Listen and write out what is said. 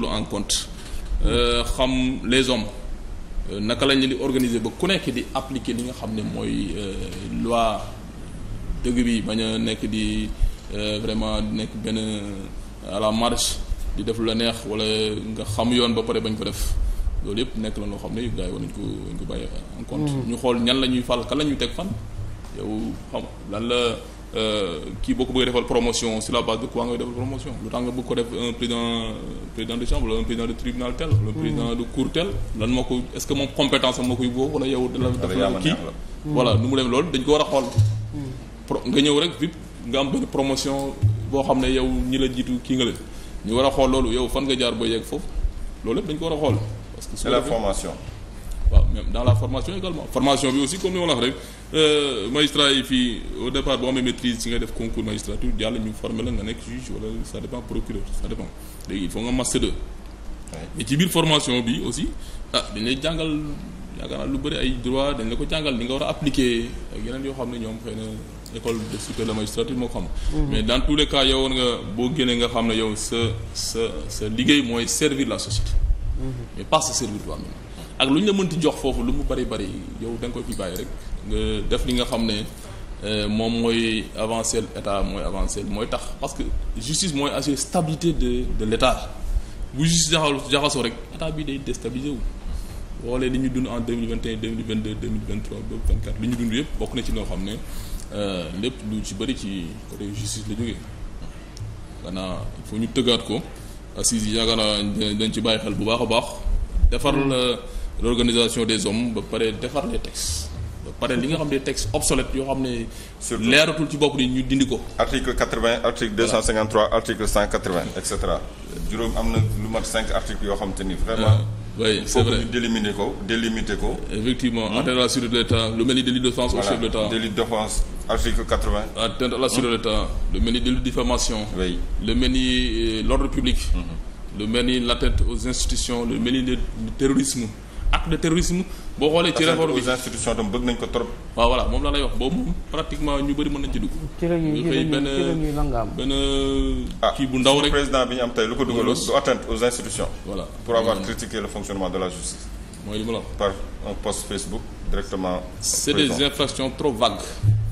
loolu en compte euh, xam les hommes euh, naka lañ leen di organiser ba ku nekk di appliquer li nga xam ne mooy euh, loi dëgg bi bañ a nekk di di nekk benn à la marche di def la neex wala nga xam yoon ba pare bañ ko def loolu yëpp nekk na loo xam ne yu gars yi war ko ñu bàyyi en compte mm. ñu xool ñan la fal kan la teg fan yow xam lan la Euh, kii boo ko bëggee defal promotion sur la base de quoi ngay defal promotion lu tax nga bëgg ko def un président président de chambre un président de tribunal tel le président de cour tel lan moo ko est moom compétence am moo koy boobu wala yow la def kii voilà nu mu demee loolu dañ ko war a xool mm. nga ñëw rek vip nga am benn promotion boo xam ne yow ñi la jiitu kii nga leen ñu war a xool loolu yow fan nga jaar ba yegg foofu loolu lépp dañ ko war a xool parce formation même dans la formation également formation bi aussi comme ni ma la wax euh, yi fii au départ boo amee maîtrise si nga def concours magistrature jàll ñu former la nga nekk juge wala ça dépend procureur ça dépend léegi il faut nga master 2 mais ci biir formation bi aussi ah dañ lay jàngal yaakaar lu bëri ay droit dañ la ko jàngal li nga war a appliquer ak yeneen yoo xam ne ñoom xëy na école de supérieure de magistrature moo ko xam mhm. mais dans tous les cas yow war nga boo génnee nga xam ne yow sa sa sa liggéey mooy servir la société mhm. mais pas se servir toi ak lu ñu la mënti jox foofu lu mu bari bari yow da bàyyi rek def li nga xam ne euh, moom mooy avancer état mooy avancer mooy tax parce que justice mooy assurer stabilité de de l' état bu justice jaxasoo rek état bi day wu. woolee li ñu dund en 2021 2022 2023 ba 2024 li ñu dund yëpp bokk na ci loo xam ne euh, lépp lu ci bëri ci côté justice la jógee xanaa il ñu tëggaat ko assise yi yaakaar dañ ci bàyyi xel bu baax a baax defar la l'organisation des hommes ba pare defar les textes ba pare li nga xam ne textes obsolètes yoo xam ne. surtout leeratul ci bopp ni ñu dindi ko. article quatre vingt article deux cent cinquante trois article cent quatre juróom am na lu mat cinq articles yoo xam te ni vraiment. Ah, oui c'est vrai foog délimiter ko délimiter ko. effectivement hmm? atteinte à la sûreté de l'État lu mel ni délit d'offense au chef de l'État. délit d'offense article quatre vingt. à la sûreté de l'État lu mel ni délit de diffamation. oui lu mel ni l'ordre public. lu mel ni l'atteinte aux institutions lu mel ni le terrorisme. acte de terrorisme boo xoolee ci réforme bi institution tam bëgg nañ ko trop waaw voilà moom laa lay wax boobu moom pratiquement ñu bëri mën nañ ci dugg ci la ñuy benn benn euh, ah, bu ndaw rek président bi ñu am tey lu ko dugal du atteinte aux institutions voilà pour avoir critiqué le fonctionnement de la justice mooy li ma la par un post Facebook directement c'est des infractions trop vagues